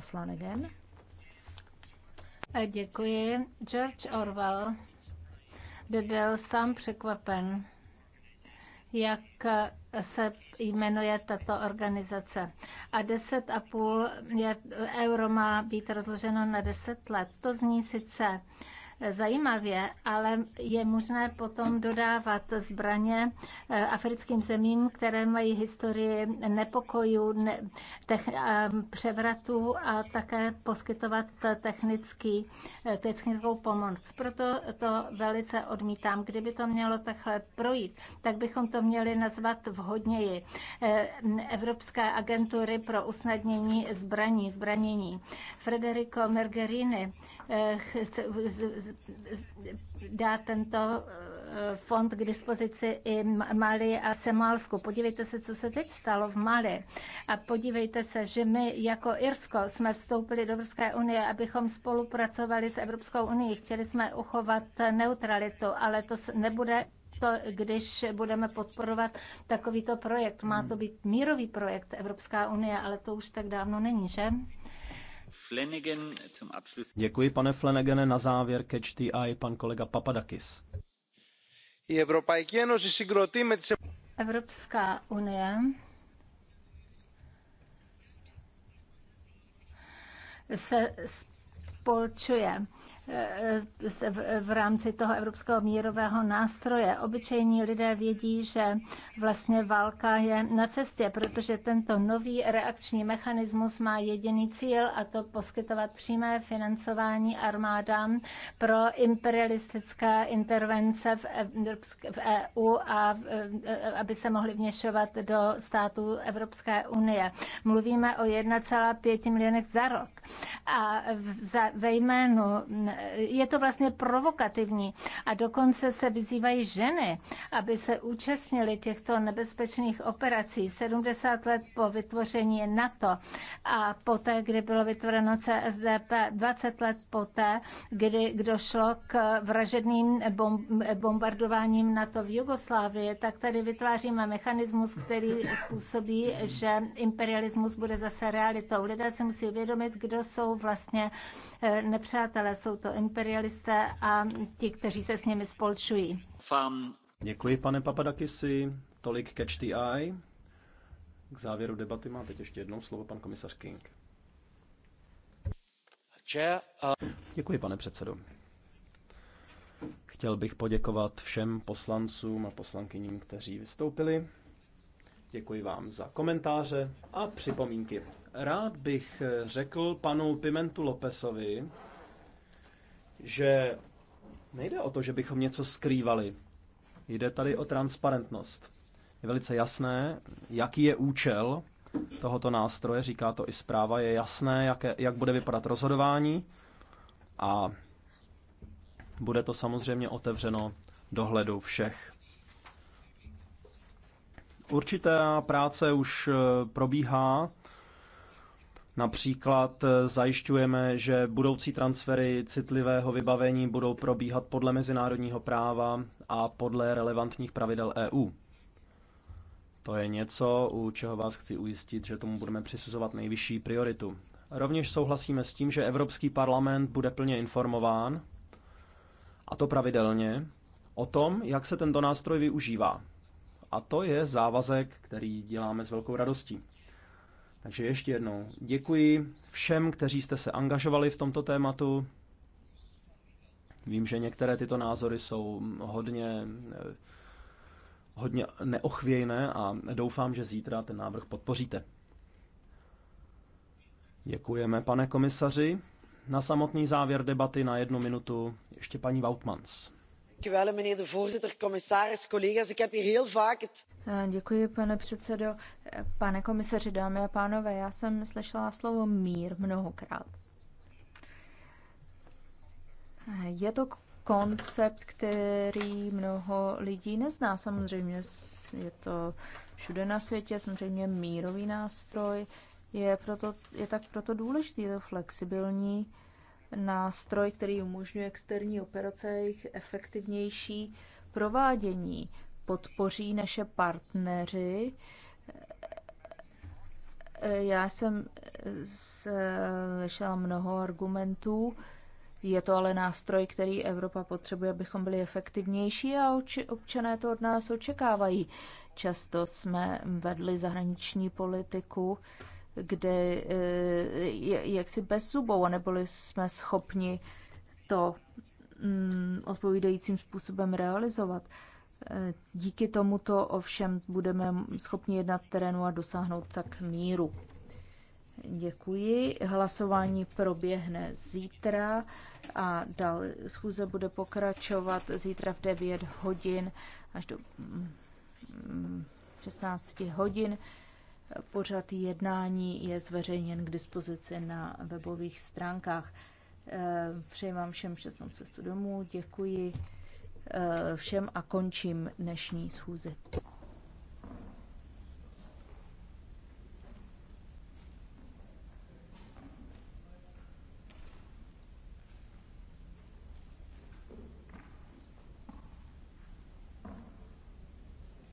Flanagan. Děkuji. George Orwell by byl sám překvapen, jak se jmenuje tato organizace. A 10,5 euro má být rozloženo na 10 let. To zní sice zajímavě, ale je možné potom dodávat zbraně eh, africkým zemím, které mají historii nepokojů, ne, eh, převratů a také poskytovat technický, eh, technickou pomoc. Proto to velice odmítám. Kdyby to mělo takhle projít, tak bychom to měli nazvat vhodněji. Evropské agentury pro usnadnění zbraní, zbranění. Federico Mergerini dá tento eh, fond k dispozici i Mali a Semálsku. Podívejte se, co se teď stalo v Mali. A podívejte se, že my jako Irsko jsme vstoupili do Evropské unie, abychom spolupracovali s Evropskou unii. Chtěli jsme uchovat neutralitu, ale to nebude to, když budeme podporovat takovýto projekt. Má to být mírový projekt Evropská unie, ale to už tak dávno není, že? Děkuji, pane Flanagane. Na závěr catch the eye pan kolega Papadakis. Evropská unie se spolčuje v rámci toho evropského mírového nástroje. Obyčejní lidé vědí, že vlastně válka je na cestě, protože tento nový reakční mechanismus má jediný cíl a to poskytovat přímé financování armádám pro imperialistické intervence v EU e a e, aby se mohly vněšovat do států Evropské unie. Mluvíme o 1,5 milionech za rok. A ve jménu je to vlastně provokativní a dokonce se vyzývají ženy, aby se účastnili těchto nebezpečných operací 70 let po vytvoření NATO a poté, kdy bylo vytvořeno CSDP, 20 let poté, kdy došlo k vražedným bombardováním NATO v Jugoslávii, tak tady vytváříme mechanismus, který způsobí, že imperialismus bude zase realitou. Lidé si musí uvědomit, kdo jsou vlastně eh, nepřátelé. Jsou to imperialisté a ti, kteří se s nimi spolčují. Fám. Děkuji, pane Papadakisi. Tolik catch the eye. K závěru debaty má teď ještě jednou slovo pan komisař King. Uh, Děkuji, pane předsedo. Chtěl bych poděkovat všem poslancům a poslankyním, kteří vystoupili. Děkuji vám za komentáře a připomínky. Rád bych řekl panu Pimentu Lopesovi, že nejde o to, že bychom něco skrývali. Jde tady o transparentnost. Je velice jasné, jaký je účel tohoto nástroje, říká to i zpráva, je jasné, jak, je, jak bude vypadat rozhodování a bude to samozřejmě otevřeno dohledu všech. Určitá práce už eh, probíhá Například eh, zajišťujeme, že budoucí transfery citlivého vybavení budou probíhat podle mezinárodního práva a podle relevantních pravidel EU. To je něco, u čeho vás chci ujistit, že tomu budeme přisuzovat nejvyšší prioritu. Rovněž souhlasíme s tím, že Evropský parlament bude plně informován, a to pravidelně, o tom, jak se tento nástroj využívá. A to je závazek, který děláme s velkou radostí. Takže ještě jednou děkuji všem, kteří jste se angažovali v tomto tématu. Vím, že některé tyto názory jsou hodně, eh, hodně neochvějné a doufám, že zítra ten návrh podpoříte. Děkujeme, pane komisaři. Na samotný závěr debaty na jednu minutu ještě paní Vautmans. Eh, děkuji, pane předsedající eh, Pane komisaři, dámy a pánové, já jsem slyšela slovo mír mnohokrát. Eh, je to koncept, který mnoho lidí nezná. Samozřejmě je to všude na světě, samozřejmě mírový nástroj. Je, proto, je tak proto důležitý, je to flexibilní nástroj, který umožňuje externí operace a jejich efektivnější provádění. Podpoří naše partnery. Já jsem slyšela mnoho argumentů. Je to ale nástroj, který Evropa potřebuje, abychom byli efektivnější a občané to od nás očekávají. Často jsme vedli zahraniční politiku, kde eh, jaksi bez zubou a nebyli jsme schopni to mm, odpovídajícím způsobem realizovat. Eh, díky tomuto ovšem budeme schopni jednat terénu a dosáhnout tak míru. Děkuji. Hlasování proběhne zítra a dal schůze bude pokračovat zítra v 9 hodin až do 16 mm, mm, hodin. Pořad jednání je zveřejněn k dispozici na webových stránkách. Eh, přeji vám všem šťastnou cestu domů, děkuji eh, všem a končím dnešní schůzi.